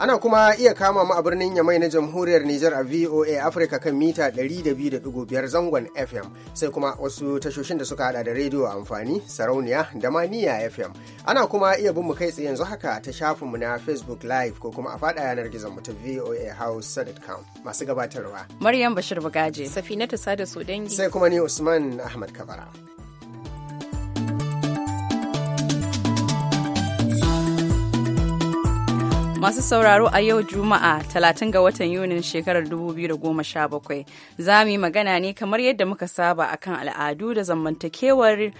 Ana kuma iya kama mu a birnin Yamai na Jamhuriyar Nijar a VOA Africa kan mita 200.5 zangon FM sai kuma wasu tashoshin da suka hada da rediyo amfani, sarauniya da maniya FM. Ana kuma iya bin mu kai tsaye yanzu haka ta shafinmu na Facebook Live ko kuma a fada yanar gizon mu ta voahausa.com masu gabatarwa. Maryam Bashir Bugaje. Safinatu Sada sudangi Sai kuma ni Usman Ahmad Kabara. Masu sauraro a yau Juma'a 30 ga watan Yunin shekarar 2017 za mu yi magana ne kamar yadda muka saba akan al'adu da zamantakewar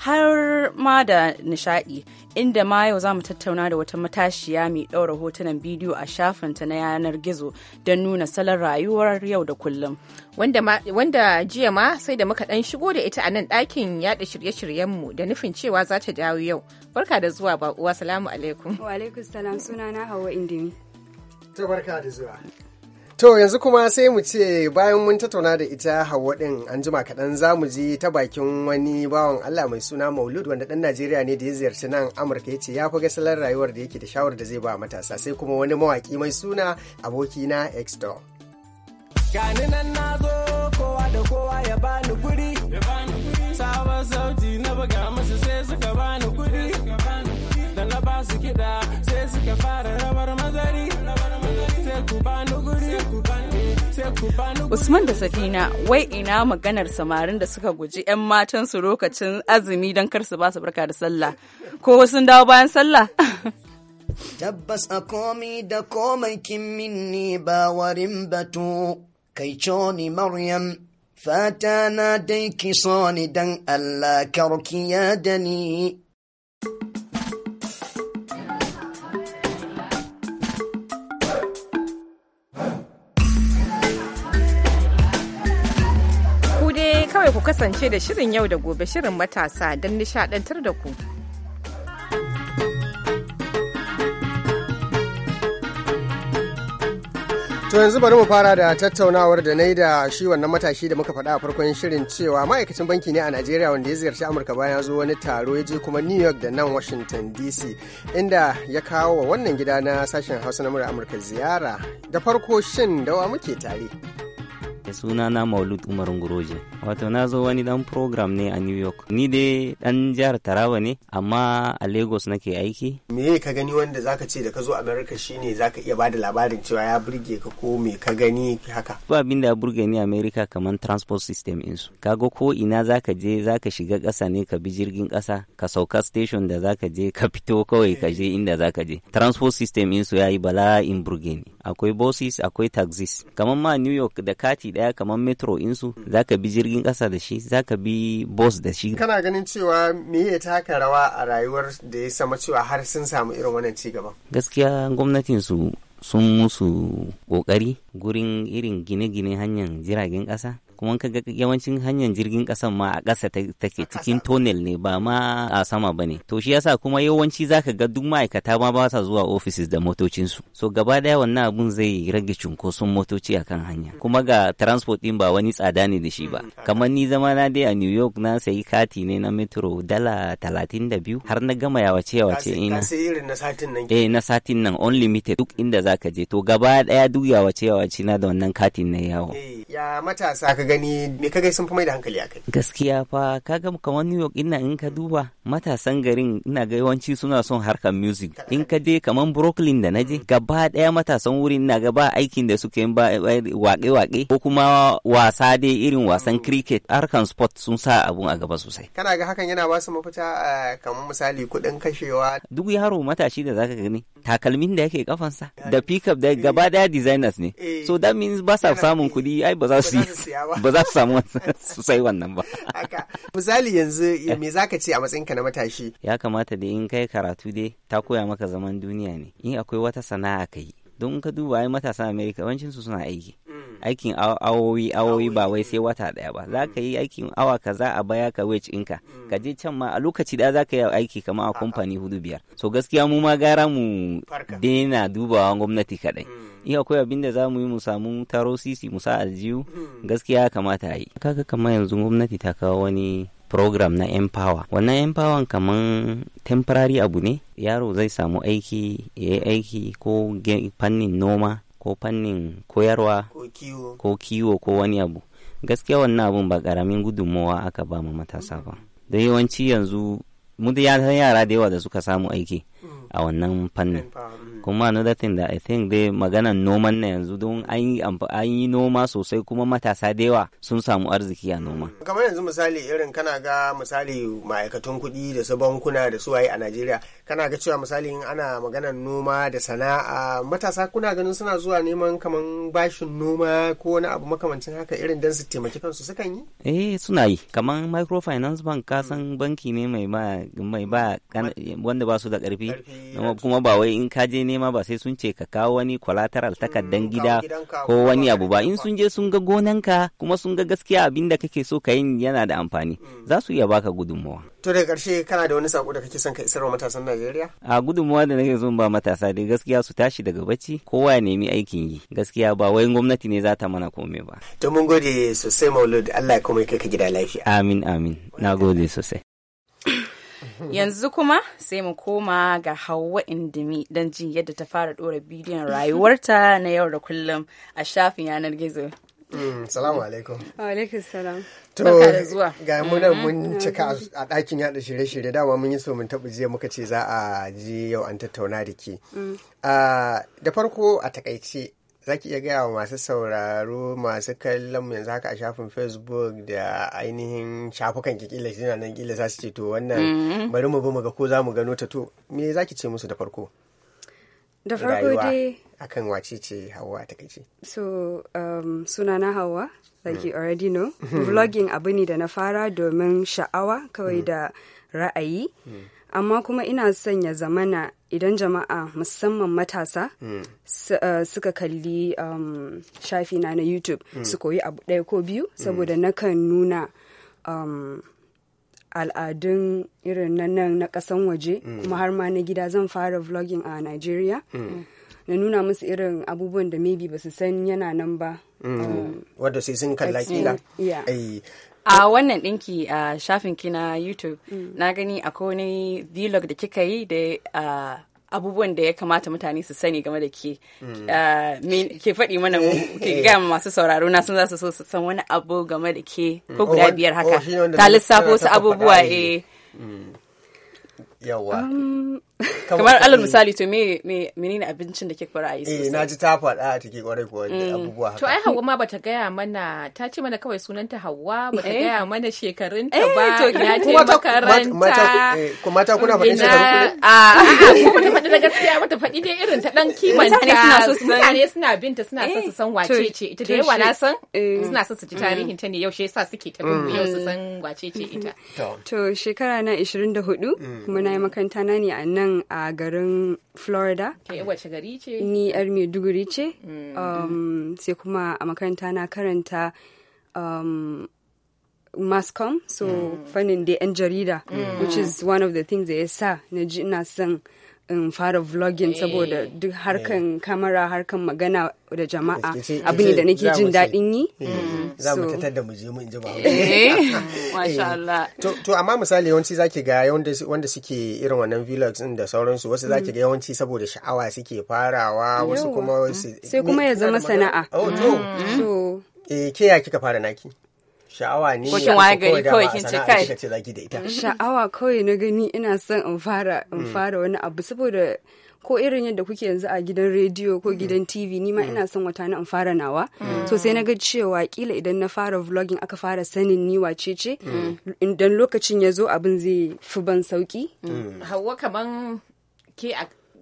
har ma da nishadi inda ma yau za mu tattauna da wata matashiya mai ɗaura hotunan bidiyo a shafinta na yanar gizo don nuna salon rayuwar yau da kullum. Wanda, jiya ma sai da muka ɗan shigo da ita a nan ɗakin yaɗa shirye-shiryenmu da nufin cewa za ta dawo yau. Barka da zuwa uwa salamu alaikum. Wa alaikum salam sunana Hauwa Indimi. To yanzu kuma sai mu ce bayan mun tattauna da ita Hauwa ɗin an jima kaɗan za mu je ta bakin wani bawan Allah mai suna Maulud wanda ɗan Najeriya ne da ya ziyarci nan Amurka ya ce ya fi salon rayuwar da yake da shawar da zai ba matasa sai kuma wani mawaƙi mai suna abokina Extor. Gani nan na zo kowa da kowa ya bani guri, sabon sauti na buga masu sai suka bani guri, da na ba su kiɗa sai suka fara rabar mazari. Usman da Safina wai ina maganar samarin da suka guji 'yan matan su lokacin azumi don kar su ba su barka da sallah ko sun dawo bayan sallah. Tabbas a komi da komai kin minni ba warin batu kai coni Maryam fata na dai ki so ni dan Allah karki ya da kada ku kasance da shirin yau da gobe shirin matasa don nishadantar da ku. To yanzu bari mu fara da tattaunawar da na yi da shi wannan matashi da muka faɗa a farkon shirin cewa ma'aikacin banki ne a Najeriya wanda ya ziyarci Amurka bayan ya zo wani taro ya je kuma New York da nan Washington DC inda ya kawo wa wannan gida na sashen Hausa na Amurka ziyara. Da farko shin dawa muke tare. sake suna na maulud umar guroje wato na zo wani dan program ne a new york ni dai dan jihar taraba ne amma a lagos nake aiki me ka gani wanda zaka ce da ka zo america shine zaka iya bada labarin cewa ya burge ka ko me ka gani haka ba abinda ya burge ni america kamar transport system insu kaga ko ina zaka je zaka shiga kasa ne ka bi jirgin kasa. ka sauka station da zaka je ka fito kawai ka je inda zaka je transport system yi yayi in burge ni akwai buses akwai taxis kamar ma new york da kati da daya kamar metro insu zaka bi jirgin kasa da shi zaka bi bus da shi kana ganin cewa me ya taka rawa a rayuwar da ya sama cewa har sun samu irin wannan ci gaba gaskiya gwamnatin su sun musu ƙoƙari. gurin irin gine-gine hanyar jiragen ƙasa. kuma ka ga yawancin hanyar jirgin kasan ma a ƙasa take cikin tonel ne ba ma a sama ba ne to shi yasa kuma yawanci zaka ga duk ma'aikata ma ba sa zuwa offices da motocinsu so gaba daya wannan abun zai rage cunkoson motoci a kan hanya kuma ga transport din ba wani tsada ne da shi ba kamar ni zama na dai a New York na sayi kati ne na metro dala talatin da biyu har na gama yawace yawace ina eh na satin nan unlimited duk inda zaka je to gaba daya duk yawace yawace na da wannan katin na yawo eh, ya matasa ka gani me ka gai sun fi mai da hankali akai gaskiya fa kaga kamar New York ina in ka duba matasan garin ina ga yawanci suna son harkar music in ka je kamar Brooklyn da na je gaba daya matasan wurin ina ga ba aikin da suke ba wake-wake ko kuma wasa dai irin wasan cricket harkan sport sun sa abun a gaba sosai kana ga hakan yana ba su mafita eh, kamar misali kuɗin kashewa duk yaro matashi da zaka gani takalmin da yake kafansa da pickup da gaba daya designers ne eh. so that means ba sa samun kuɗi ai ba za su yi ba za su samu su sai wannan ba misali yanzu me za ka ce a matsayin ka na matashi ya kamata da in kai karatu dai ta koya maka zaman duniya ne in akwai wata sana'a ka yi? don in ka duba ai matasan america wancin su suna aiki mm. aikin awowi awowi ba wai sai wata daya ba za ka mm. yi aikin awa ka za a baya ka wage inka mm. ka je can ma a lokaci daya za ka yi aiki kamar a kamfani hudu biyar so gaskiya mu ma gara mu dena dubawa gwamnati kaɗai. in akwai abin da za mu yi mu samu taro sisi mu sa aljihu gaskiya kamata a yi kaga kamar yanzu gwamnati ta kawo wani program na empower wannan empower kaman temporary abu ne yaro zai samu aiki ya aiki ko fannin noma ko fannin koyarwa ko kiwo ko wani abu gaskiya wannan abun ba karamin gudunmowa aka ba ma matasa ba da yawanci yanzu mu da yara da yawa da suka samu aiki a wannan fannin mm. kuma another thing that i think dai maganan noman na yanzu don an yi noma sosai kuma matasa da yawa sun samu arziki a noma mm. kamar yanzu misali irin kana ga misali ma'aikatan kuɗi da su bankuna da su waye a najeriya kana ga cewa misali ana maganan noma da sana'a matasa kuna ganin suna zuwa neman kaman bashin noma ko wani abu makamancin haka irin dan su taimaki kansu sukan yi eh suna yi kaman microfinance bank kasan banki ne mai ba mai ba wanda ba su da karfi kuma ba wai in ka je nema ba sai sun ce ka kawo wani collateral takardan hmm, gida ko wani abu ba in sun je sun ga gonanka kuma sun ga gaskiya abin da kake so ka yi yana da amfani hmm. za su iya baka gudunmawa to daga karshe kana da wani sako da kake son ka wa matasan Najeriya a gudunmawa da nake son ba matasa dai gaskiya su tashi daga bacci kowa ya nemi aikin yi gaskiya ba wai gwamnati ne za ta mana komai ba to mun gode sosai Maulud Allah ya kuma kai ka gida lafiya amin amin na gode sosai yanzu kuma sai mu koma ga hawa indimi don jin yadda ta fara ɗora bidiyon rayuwarta na yau da kullum a shafin yanar gizo mm, salamu alaikum. alaikum salam. To, ga mu nan mun mm-hmm. cika a ɗakin yaɗa shirye-shirye dama mun yi so mun taɓa jiya muka ce za a ji yau an tattauna da ke. Mm. Ah, da farko a takaice za ki iya gaya wa masu sauraro masu kallon mu yanzu haka a shafin facebook da ainihin shafukan ki kila suna nan kila za su ce to wannan mm-hmm. bari mu bi mu ga ko za mu gano ta to me za ki ce musu da farko da farko dai akan wace ce hawa ta kace so um, sunana hawa like mm. you already know vlogging abu ne da na fara domin sha'awa kawai mm. da ra'ayi mm. amma kuma ina son ya zamana idan jama'a musamman matasa hmm. eh, suka kalli um, shafina na youtube hmm. su koyi abu ɗaya ko biyu hmm. saboda mm. nakan nuna um, al'adun irin nan na ƙasan waje kuma har ma na gida zan fara vlogging a nigeria na nuna musu irin abubuwan da maybe ba su san yana nan ba um, wadda sai sun kalla kila a wannan ɗinki a shafin ki na youtube mm. na gani akwai wani vlog da kika yi da abubuwan da ya kamata mutane su sani game da ke mm. ke faɗi mana ke gaya ma masu sauraro na sun za su so su san wani abu game da ke mm. ko oh, guda oh, biyar oh, haka ta lissafo su abubuwa eh yawa um, kamar alal misali to me menene abincin da ke fara yi eh na ji ta faɗa take kwarai kuwa mm. abubuwa to ai Hauwa ma bata gaya mana ta ce mana kawai sunanta Hauwa bata eh? gaya mana shekarun ta eh, ba ya ce makaranta kuma ta eh, kuna faɗin shekarun ku a ah, kuma ah, ah. ta faɗi da gaskiya bata faɗi dai irin ta dan kimanta mutane suna so su mutane suna binta suna son su mm. san wace ce ita da yawa na san suna son su ji tarihin ta ne yau shi yasa suke ta bin yau su san wace ce ita to shekara na 24 mm. kuma na yi makaranta na ne a nan nan a garin florida ke wace gari ce ni yar maiduguri ce mm. um, sai kuma a makaranta na karanta um, mascom so mm. fannin da yan jarida mm. which is one of the things da ya sa na ji ina son in fara vlogging saboda eh. duk harkan kamera eh. harkan magana da jama'a abu ne da nake jin daɗin yi eh, mm. za mu tattar da mu je mu in ji ba Allah to amma misali yawanci zaki ga wanda suke irin wannan vlogs din da sauransu wasu zaki ga mm. yawanci saboda sha'awa suke farawa wasu kuma sai kuma ya zama sana'a oh to mm. eh ke ya kika fara naki sha'awa ne waye gari kawai kin ce kai sha'awa kawai na gani ina son in fara in mm. fara wani abu saboda ko irin yadda kuke yanzu a gidan rediyo ko gidan tv ni ma mm. ina son wata na in fara nawa mm. so sai na ga cewa kila idan na fara vlogging aka fara sanin ni wace ce idan lokacin ya zo abin zai fi ban sauki hawa kaman ke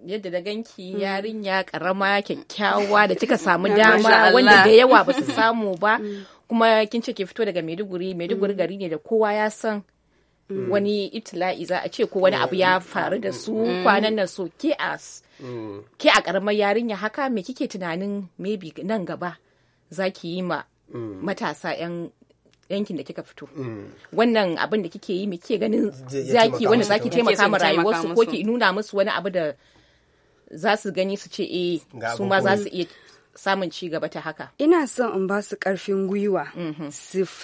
yadda da ganki yarinya karama kyakkyawa da kika samu dama wanda da yawa ba su samu ba kuma kin ce ke fito daga maiduguri maiduguri gari ne da kowa ya san wani itila'i za a ce ko wani abu ya faru da su kwanan nan so ke a ke a karamar yarinya haka me kike tunanin maybe nan gaba za ki yi ma matasa 'yan yankin da kika fito wannan abin da kike yi me kike ganin zaki wanda zaki taimaka ma rayuwarsu ko ki nuna musu wani abu da za su gani su ce eh su ma za su iya samun ci gaba ta haka ina son in ba su karfin gwiwa mm-hmm.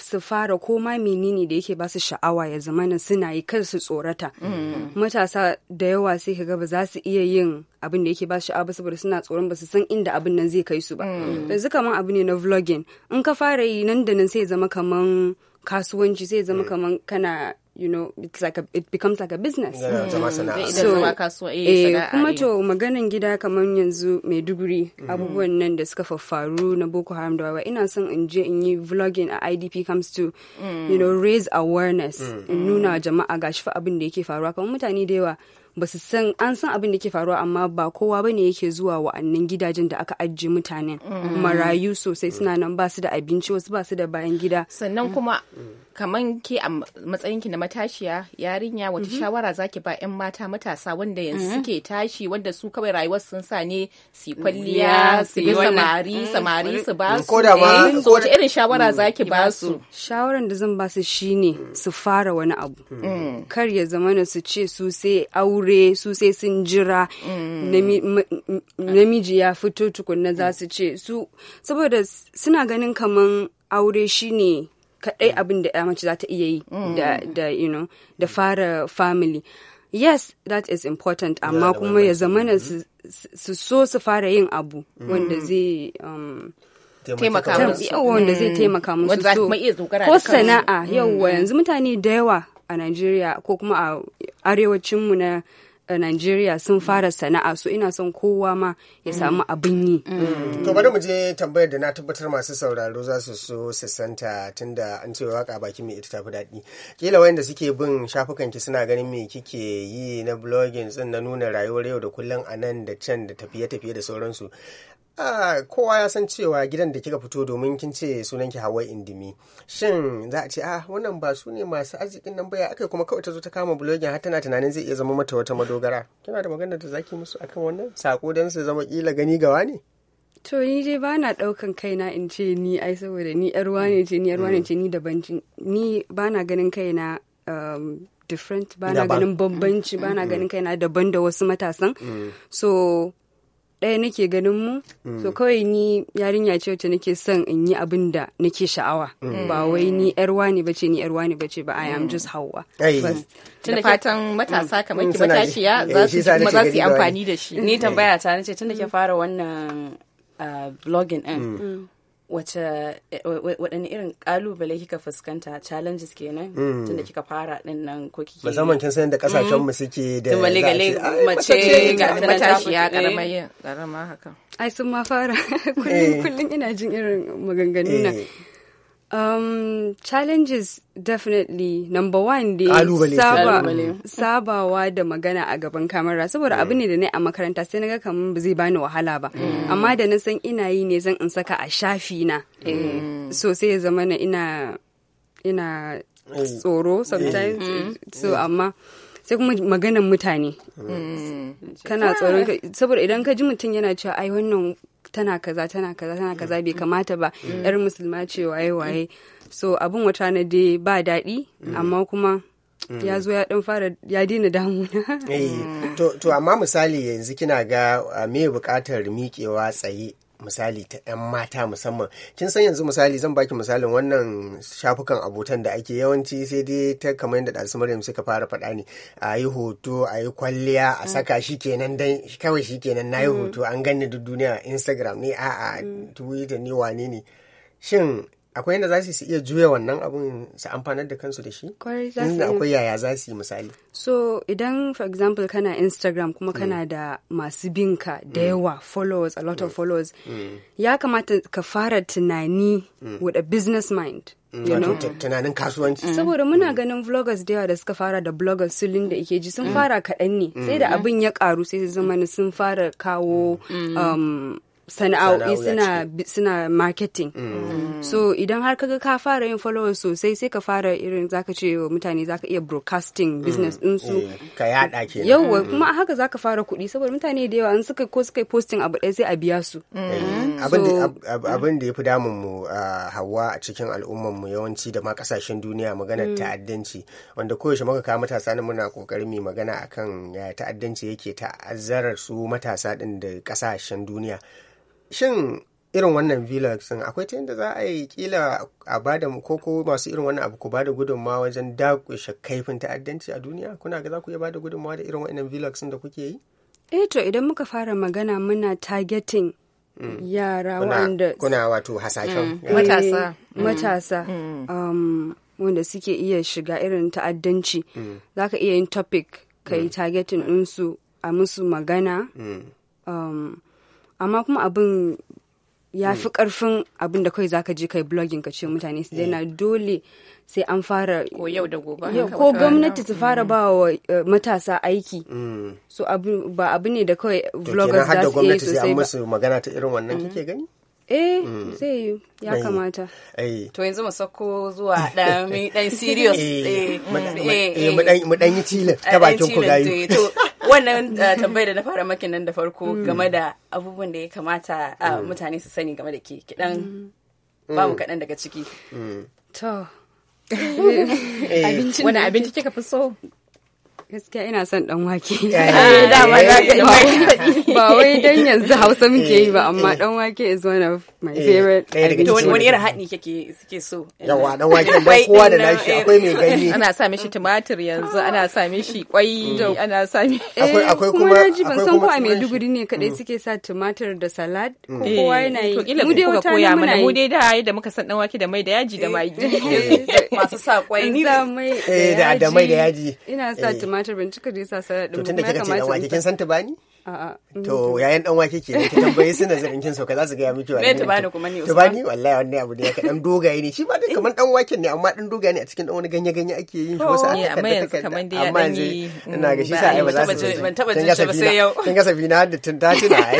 su fara koma menene da yake ba su sha'awa ya zama na suna yi kar su tsorata mm-hmm. matasa da yawa sai ka gaba ba za su iya yin abin da yake ba su sha'awa saboda suna tsoron ba su san inda abin nan zai kai su ba mm-hmm. yanzu kaman abu ne na vlogging in ka fara yi nan da nan sai zama kaman kasuwanci sai zama mm. kaman kana you know it's like a, it becomes like a business mm. so eh, eh, kuma eh. to maganan gida kamar yanzu mai duguri mm-hmm. abubuwan nan da suka faffaru na Boko Haram da wawa ina son in je in yi vlogging a IDP comes to mm. you know raise awareness mm. in nuna jama'a gashi fa abin da yake faruwa kamar mutane da yawa ba su san an san abin da ke faruwa amma ba kowa ne yake zuwa wa'annan gidajen da aka ajiye mutane marayu sosai suna nan ba su da abinci wasu ba su da bayan gida sannan kuma kaman ke a matsayinki na matashiya yarinya wata mhm. shawara zaki ba 'yan mata matasa wanda yanzu mhm. suke tashi wanda su kawai rayuwar sun sa ne su mm, kwalliya su yi samari mm, samari su ba mm, su eh, so wata irin shawara zaki ba su shawaran da zan ba su shine su fara wani abu kar ya zama na su ce su sai aure su sai sun jira namiji ya fito tukunna za su ce su saboda suna ganin kaman aure shine kaɗai abin da mace za ta iya yi da mm. you da fara family yes that is important amma kuma ya zamana mm-hmm. su so su fara yin abu mm-hmm. wanda zai um, mm. taimaka musu ko sana'a yauwa mm-hmm. yanzu mutane da yawa a Najeriya ko kuma a arewacinmu na a Najeriya sun fara sana'a su ina son kowa ma ya mm. samu abin yi. Mm. Mm. To bari mu je tambayar da na tabbatar masu sauraro za su so su tunda an ce waka baki mai ita tafi daɗi. Kila wayanda suke bin shafukan ki suna ganin me kike yi na blogging din na nuna rayuwar yau da kullum a nan da can da tafiye-tafiye da sauransu. Ah, kowa ya san cewa gidan da kika fito domin kin ce sunan ki hawa indimi shin za a ce ah wannan ba su ne masu arzikin nan baya akai kuma kawai ta zo ta kama blogging har tana tunanin zai iya zama mata wata madogara kina da magana da zaki musu akan wannan sako dan su zama kila gani gawa ne to ni dai ba na ɗaukan kaina in ce ni ai saboda ni yar wane ce ni yar wane mm. ce ni daban ni ba na ganin kaina um, different ba na ganin bambanci ba na ganin mm. kaina daban da wasu matasan mm. so ɗaya nake ganin mu mm. so kawai ni yarinya ce wacce nake son in yi abin da nake sha'awa mm. eh. ba wai ni yar wani ce ni yar wani ce ba i am mm. just hawa tunda fatan matasa kamar ki matashiya eh, za su kuma za su yi amfani da shi ni tambaya ta nace tunda ke fara wannan uh, blogging din wace eh, waɗanne irin kalubale kika fuskanta challenges kenan mm. tunda kika fara din nan ko kike musamman kin san da kasashen mm. mu suke da maligale mace ga tana tashi ya karama eh. karama haka ai sun ma fara kullum eh. kullun ina jin irin maganganu na Um, challenges definitely number one dai saba, sabawa da magana a gaban kamera saboda mm. abu ne da ne a makaranta sai na ga kamar ba zai bani wahala ba mm. amma da na san ina yi ne zan in saka a shafi na mm. so sai ya zama na ina ina oh. tsoro sometimes mm. so amma sai kuma maganan mutane mm. kana tsoron saboda idan ka ji mutum yana cewa ai wannan tana kaza tana kaza tana mm. kaza bai mm. kamata ba mm. yar musulma ce waye waye so abun wata na dai ba daɗi amma kuma ya zo ya dan fara ya daina damuna eh, to amma misali yanzu kina ga ah, me bukatar miƙewa tsaye misali ta 'yan mata musamman kin san yanzu misali zan baki misalin wannan shafukan abotan da ake yawanci sai dai ta kamar yadda ɗansu maryam suka fara faɗa ne a yi hoto a yi kwalliya a mm. saka shi kenan dan kawai shi kenan na yi mm. hoto an ganni duk duniya instagram ne a mm. twitter ne wane ne shin akwai yadda za su iya juya wannan abun su amfanar da kansu da shi inda akwai yaya za su yi misali so idan for example kana instagram kuma mm. kana da masu binka da mm. yawa followers a lot of mm. followers ya kamata ka fara tunani with a business mind tunanin kasuwanci saboda muna ganin vloggers da yawa da suka fara da bloggers su linda ike ji sun fara kaɗan ne sai da abin ya ƙaru sai su zama sun fara kawo um, sana'o'i suna suna marketing mm. mm. so idan har kaga ka fara yin followers sosai sai ka fara irin zaka ce wa mutane zaka iya broadcasting mm. business din su mm. ka yada ke yawa kuma haka zaka fara kuɗi saboda mutane da yawa an suka ko suka posting abu ɗaya sai a biya su eh, abin da ya fi damun mu hawa a cikin al'ummar mu yawanci da ma kasashen duniya magana ta'addanci wanda koyaushe muka kawo matasa ne muna kokarin mu magana akan ta'addanci yake ta'azzarar su matasa din da kasashen duniya shin irin wannan vlog sun akwai ta yadda za a yi kila a bada koko masu irin wannan abu ku bada gudunmawa wajen dakushe kaifin ta'addanci a duniya kuna ga za ku iya bada gudunmawa da irin wannan sun da kuke yi eh to idan muka fara magana muna targeting mm. yara wanda kuna wato hasashen mm. eh, matasa mm. matasa um, wanda suke iya shiga irin ta'addanci za ka iya yin topic ka yi targeting ɗinsu a musu magana um, amma kuma abin ya fi karfin mm. abin da kawai zaka je kai blogging ka ce mutane su daina mm. dole sai an fara ko yau da gobe ko gwamnati su fara mm. ba wa eh, matasa aiki so ba abu ne da kawai vloggers za su iya sosai ba musu magana ta irin wannan kike gani eh sai ya kamata to yanzu mu sako zuwa dan dan serious eh, eh mu dan eh, yi tilin ta bakin ku gayu wannan eh, tambayar da na fara makin nan da farko mm. game da abubuwan da ya kamata ah, mm. mutane su sani game da ke kidan mm. ba mu kaɗan daga ciki to wani abinci kika fi so gaskiya ina son dan wake ba wai dan yanzu hausa muke yi ba amma dan eh, wake is one of my eh, favorite wani irin haɗi kake suke so yawa dan wake ba kowa da nashi akwai eh, mai ganye ana sa mishi tumatir yanzu ana sa mishi kwai mm. ana sa mishi akwai kuma ban san ko a Maiduguri ne kadai mm. suke sa tumatir da salad ko mm. kowa yana yi mu dai wata koya mana mu dai da yadda muka san dan wake da mai da yaji da magi masu sa kwai ni da mai da yaji ina sa tumatir kamata bincika da yasa sai to tunda kika ce dan wake kin san ta bani to yayan dan wake ke ki tambaye su nazarin kin so ka za su ga ya miki wani ta bani kuma ne ta bani wallahi wannan abu ne ka dan dogaye ne shi ma dai kamar dan waken ne amma dan dogaye ne a cikin dan wani ganye ganye ake yin shi oh, wasu aka kada kada amma yanzu mm, ina ga shi sai ba za su ban taba jin ba sai yau kin ga sabina da tun ta tuna ai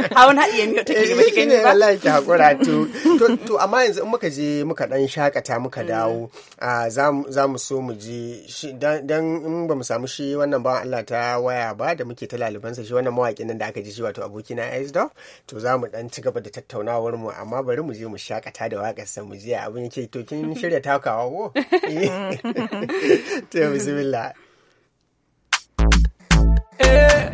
hawan haɗiye miyo take yi ba eh, gani ba Allah ya hakura to to amma yanzu in muka je muka dan shakata muka mm. dawo za mu so mu je dan in ba mu samu shi wannan bawan Allah ta waya ba da muke ta lalibansa shi wannan mawaƙin nan da aka ji shi wato abokina Aisdorf to za mu dan ci gaba da tattaunawar mu amma bari mu je mu shakata da waƙar sa mu je abin yake to kin shirya takawa ko eh. to bismillah eh,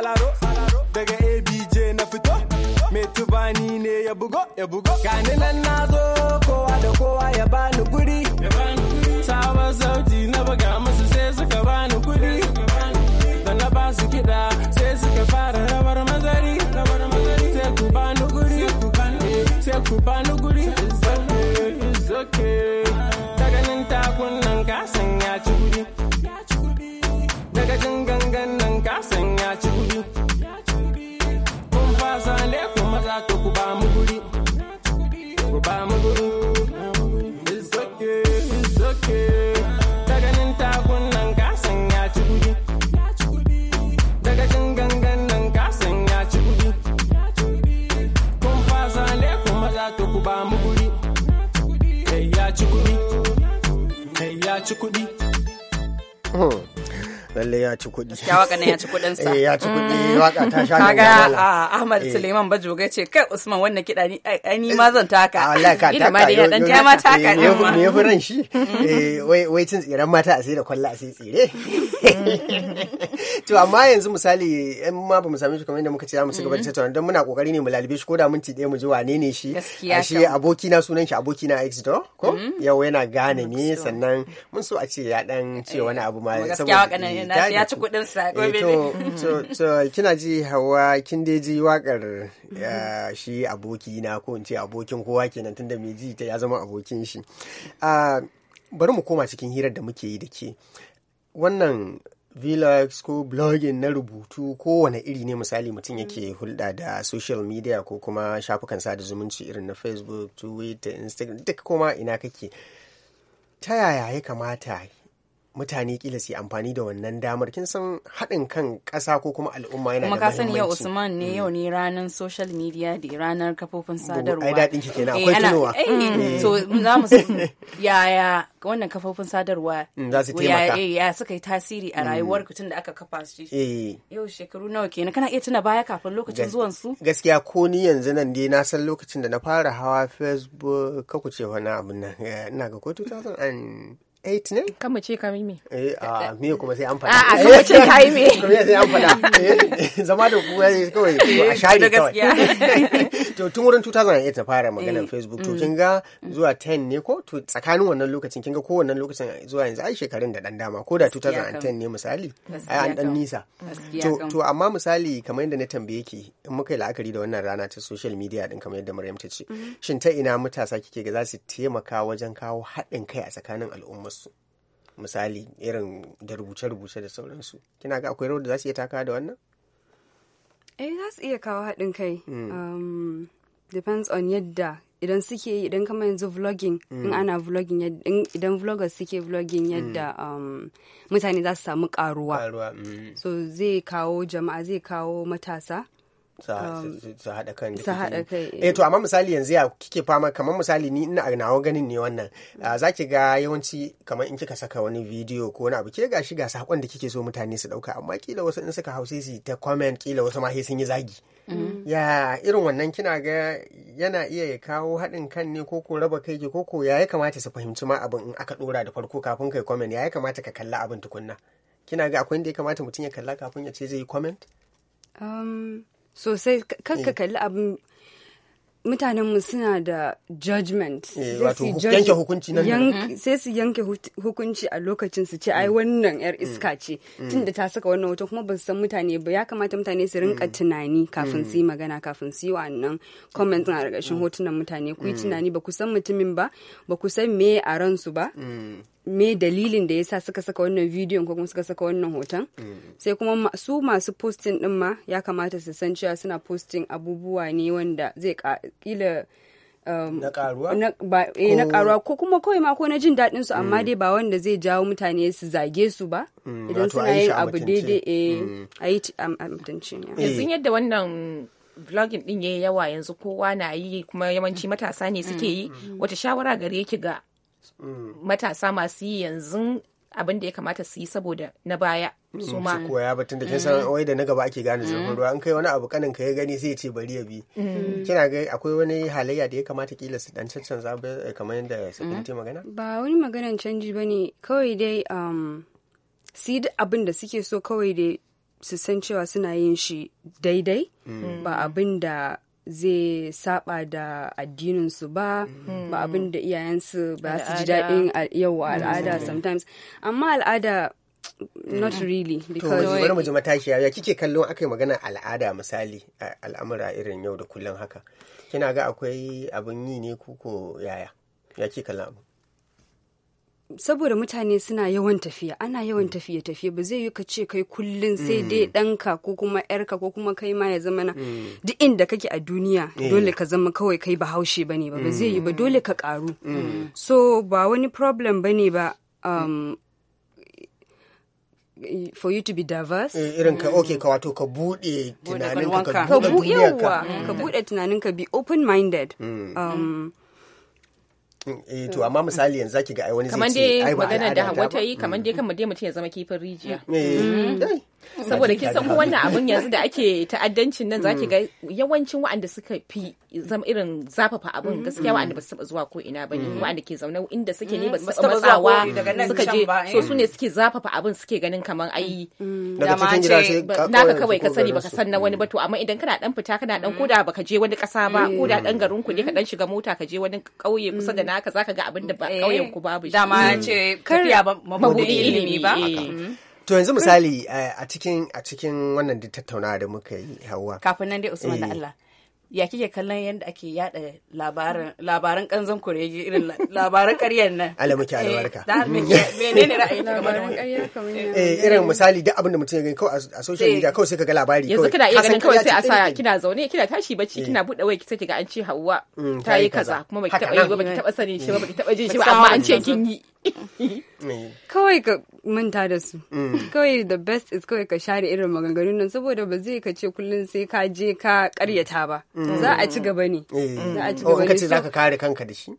salaro daga abj na fito mai tubani ne ya bugo ya bugo gani nan nazo uh lalle ya ci kuɗi Ya waka ne ya ci kuɗin sa eh, ya ci kuɗi mm. waka ta sha kaga Ahmad eh. Suleiman Bajoga ce kai Usman wannan kiɗa ni ai ni ma zan taka ah, Allah ka taka ma da dan ta ma taka ne me yafi ran shi mm. eh, wai wai cin tsiran mata a sai da kwalla a sai tsire to amma yanzu misali in ma ba mu same shi kamar yadda muka ce za mu ci gaba da mm. tattauna don muna kokari ne mu lalibe shi ko da minti ɗaya mu ji wane ne shi shi aboki na sunan shi aboki na Exeter ko yau yana gane ne sannan mun so a ce ya dan ce wani abu ma saboda ya ci kuɗin sa to to, kina ji hawa kin dai ji wakar shi aboki na ko in ce abokin kowa kenan tunda mai ji ta ya zama abokin shi ah, bari mu koma cikin hirar da muke yi da ke wannan vlogs ko blogging na rubutu ko kowane iri ne misali mutum mm. yake hulɗa da social media ko kuma shafukan sada zumunci irin na facebook twitter instagram duk koma ina kake ta yaya ya kamata mutane kila su amfani da wannan damar kin san haɗin kan ƙasa ko kuma al'umma yana da muhimmanci. Kuma ka yau Usman ne mm. yau ne ranar social media da ranar kafofin sadarwa. Ai daɗin ki kenan eh, akwai tunowa. so eh, eh, mm. za mu yaya wannan kafofin sadarwa. Mm, za su taimaka. Ya suka yi tasiri a rayuwar tun da aka kafa shi. Yau shekaru nawa kenan kana iya tuna baya kafin lokacin zuwan su. Gaskiya ko ni yanzu nan dai na san lokacin da na fara hawa Facebook ku ce wani abin nan ina ga ko 2000 8 ne? Kama ce ka me? Eh, a me kuma sai an faɗa. A'a, kama ce ka yi Kuma sai an faɗa. Eh, zama da kuma kawai a share kawai. To tun wurin 2008 na fara maganar eh. Facebook to mm. kin ga zuwa 10 ne ko to tsakanin wannan lokacin kin ga wannan lokacin zuwa yanzu ai shekarun da dan dama ko da 2010 ne misali ai an dan nisa. To to amma misali kamar yadda na tambaye ki in muka yi la'akari da wannan rana ta social media din kamar yadda Maryam ta ce mm-hmm. shin ta ina matasa kike ga za su taimaka wajen kawo haɗin kai a tsakanin al'umma wasu misali irin da rubuce-rubuce da sauransu kina ga akwai rawar da za su iya taka da wannan eh za su iya kawo haɗin kai hmm. um, depends on yadda idan suke yi idan kama yanzu vlogging in hmm. ana vlogging idan vloggers suke vlogging hmm. yadda um, mutane za su samu karuwa so zai kawo jama'a zai kawo matasa Um, su haɗa kan kai eh. eh to amma misali yanzu ya kike fama kamar misali ni ina nawa ganin ne wannan mm. ah, za ki ga yawanci kamar in kika saka wani bidiyo ko wani abu ke ga shi ga da kike so mutane su ɗauka amma kila wasu in suka hause su ta comment kila wasu ma sai sun yi zagi mm. ya irin wannan kina ga yana iya ya kawo haɗin kan ne ko ko raba kai ko ko ya kamata su fahimci ma abin in aka ɗora da farko kafin kai comment ya kamata ka kalla abin tukunna kina ga akwai inda ya kamata mutum ya kalla kafin ya ce zai yi comment um, sosai kanka eh. kalli abin mutanenmu suna da judgment eh, sai su yanke hukunci a lokacin su ce ai mm. wannan yar mm. iska ce mm. tunda ta saka wannan hoton kuma ba san mutane ba ya kamata mutane su rinka tunani kafin su yi magana kafin su yi wannan comment a ƙarƙashin hotunan mutane ku yi tunani ba ku san mutumin ba ba ku san me a ransu ba me dalilin da yasa suka saka wannan bidiyon ko kuma suka saka wannan hoton sai kuma su masu posting din ma ya kamata su san cewa suna posting abubuwa ne wanda zai kila Um, na karuwa? Eh, ko kuma kawai ma ko na jin daɗin su amma mm. dai ba wanda zai jawo mutane su zage su ba mm, idan suna yin abu daidai eh, mm. a yi mutunci eh. yadda wannan vlogging din yayi yawa yanzu kowa na yi kuma yawanci matasa ne suke yi wata shawara gare ki ga Mm. matasa masu yi yanzu abin da ya kamata su yi saboda na baya mm, su ma koya batun da kin mm. san wai da na gaba ake gane zurfin ruwa an kai wani abu kanin ka ya gani sai ya ce bari ya bi kina ga akwai wani halayya da ya kamata kila su dan za eh, kamar yadda sakin ta magana ba wani maganan canji bane kawai dai um, su yi abin da suke so kawai dai su san cewa suna yin shi daidai ba abin da zai saba da addininsu ba ba hmm. abin da iyayensu ba su ji daɗin yawa hmm. al'ada hmm. sometimes amma al'ada not really because to mu ji matashiya ya kike kallon akai magana al'ada misali al'amura irin yau da kullum haka kina ga akwai abin yi ne ko yaya ya ke kallon abu saboda mutane suna yawan tafiya ana yawan mm. tafiye tafiye ba zai yi ka ce kai kullum sai mm. dai ɗanka ko kuma yarka ko kuma kai ma ya zama na mm. duk inda kake a duniya eh. dole ka zama kawai kai bahaushe bane ba ba zai yi ba dole ka karu so ba wani problem bane ba um, for you to be diverse eh, irin ka okay ka wato ka bude tunaninka ka bude tunaninka be open minded um, eh to amma misali yanzu zaki ga ai wani zai ce ai ba magana da wata ta yi kamar mm. dai kamar dai mutum ya zama kifin rijiya eh mm. saboda kin san wannan abun yanzu da ake ta'addancin nan zaki mm. ga yawancin waɗanda suka fi zama irin zafafa abun mm, gaskiya waɗanda mm. ba su taba zuwa ko ina bane waɗanda ke zaune inda suke ne ba su taba zuwa suka je so eh. su ne suke zafafa abun suke ganin kamar ai naka kawai ka sani baka san na wani ba to amma idan kana dan fita kana dan koda baka je wani ƙasa ba koda dan garin ku ne ka dan shiga mota ka je wani ƙauye kusa da naka zaka ga abin da ba eh. ƙauyen ku babu shi ma ce kariya ba mabudi ilimi ba eh. to yanzu misali eh, a cikin a cikin wannan tattaunawa da muka yi hawa kafin nan dai usman da eh. Allah ya kike kallon yadda ake yada labaran labaran kanzon kurege irin labaran ƙaryar nan Allah muke albarka eh, menene ra'ayin ka game da wannan eh irin misali duk abin da mutum ya gani kawai a social media kawai sai kaga labari kawai yanzu kina iya ganin kawai sai a sa kina zaune kina tashi bacci kina bude waya sai kiga an ce Hauwa mm, ta yi kaza kuma baki taba yi ba baki taba sanin shi ba baki taba jin shi ba amma an ce kin yi kawai ka manta da su mm. kawai the best is kawai ka share irin maganganun nan saboda ba zai ka ce kullum sai ka je ka karyata ba mm. za a ci gaba ne eh. za a ci oh, gaba ne za ka kare kanka da shi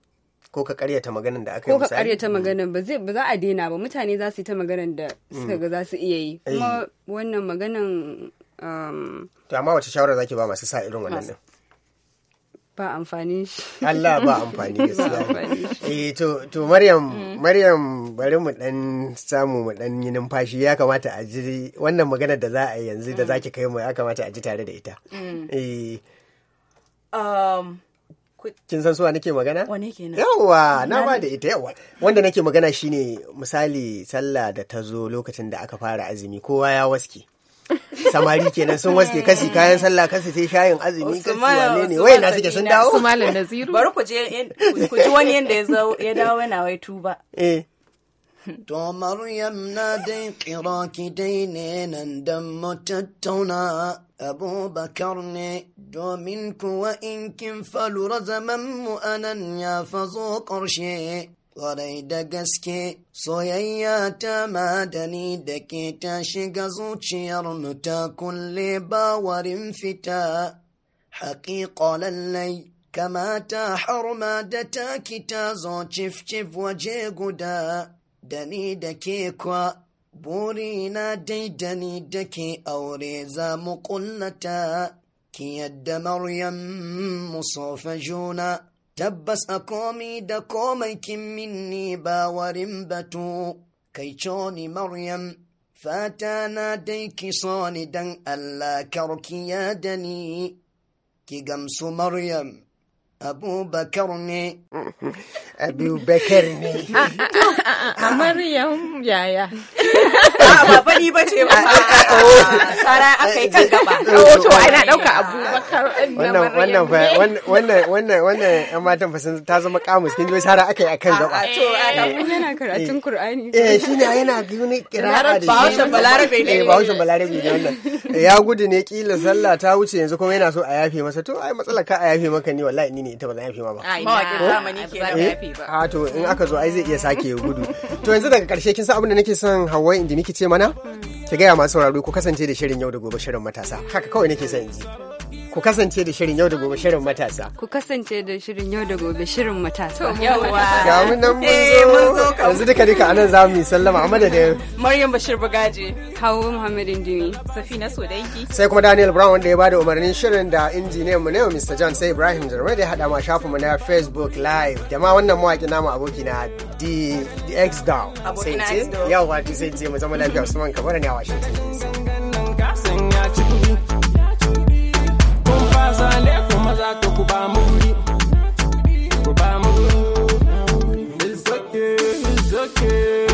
ko ka karyata maganan da aka yi ko ka karyata mm. maganan ba zai ba za a daina ba mutane za su yi ta maganan da suka ga za su iya yi kuma wannan maganan um, to amma wace shawara zaki ba masu sa irin wannan din ba amfani shi Allah ba amfani gaskiya eh to to Maryam mm. Maryam bari mu dan samu mu dan yi numfashi ya kamata a ji wannan magana da za a yi yanzu da mm. zaki kai mu ya kamata a ji tare da ita mm. eh um, kin san suwa nake magana? Wane kenan? Yawwa, na ba da ita yawwa. Wanda nake magana shine misali sallah da ta zo lokacin da aka fara azumi kowa ya waske. samari kenan sun waske eh. kasi kayan sallah kasi sai shayin azumi kasi wane ne wai na suke sun dawo bari ku je ku ji wani yanda ya dawo yana wai tuba eh. To Maryam na dai ki dai ne nan dan mu tattauna Abubakar ne domin kuwa in kin falura zaman mu anan ya fazo ƙarshe. Kwarai da gaske, soyayya ta madani da ke ta shiga zuciyar ta kulle bawarin fita, haƙiƙa lallai, kamata harma da taki ta zo cif-cif waje guda, Dani da ke kwa, burina daidani da ke aure za mu ƙullata, ki yadda Maryam mu sofa juna. Tabbas a komi da komai kin minni ba warin batu, kai coni Maryam, fata na dai ki so ni don Allah karki ya dani, ki gamsu Maryam. Bakar ne. Bakar ne. Maryam yaya. Ba fari ba ce ba. Sara aka yi kan gaba. Wato oh, ana ɗauka Abubakar Wannan wannan wannan wannan yan matan fa ta zama kamus kin ji Sara aka yi akan gaba. To yana karatun eh. Kur'ani. Eh shine yana gini kira'a da shi. Bahaushen Balarabe ne. Eh, Bahaushen Balarabe ne wannan. Eh, ya gudu ne kila sallah ta wuce yanzu kuma yana so a yafe masa to ai matsalar ka a yafe maka ne wallahi ni ne zamani ita ba zan yafe ma ba zamani ke yafi ba eh, a to in aka zo ai zai iya sake gudu to yanzu daga karshe kin san abin da nake son Hawwa inda nake ce mana hmm. ki gaya masu sauraro ko kasance da shirin yau da gobe shirin matasa haka kawai nake son in ku kasance da shirin yau da gobe shirin matasa. Ku kasance da shirin yau da gobe shirin matasa. Yawwa. Ga mun nan mun eh, zo. Yanzu duka duka anan za mu yi sallama a madadin. Maryam Bashir Bugaje. Hawu Muhammadin Dini. Safina Sodanki. Sai kuma Daniel Brown wanda ya bada umarnin shirin da injiniyan mu ne Mr. John sai Ibrahim Jarmai da ya haɗa ma shafin mu na Facebook Live da ma wannan mawaki namu aboki na DX Down. Abokina X Down. Yawwa sai ce mu zama lafiya su man kamar ne a Washington DC. zane ku it's okay it's okay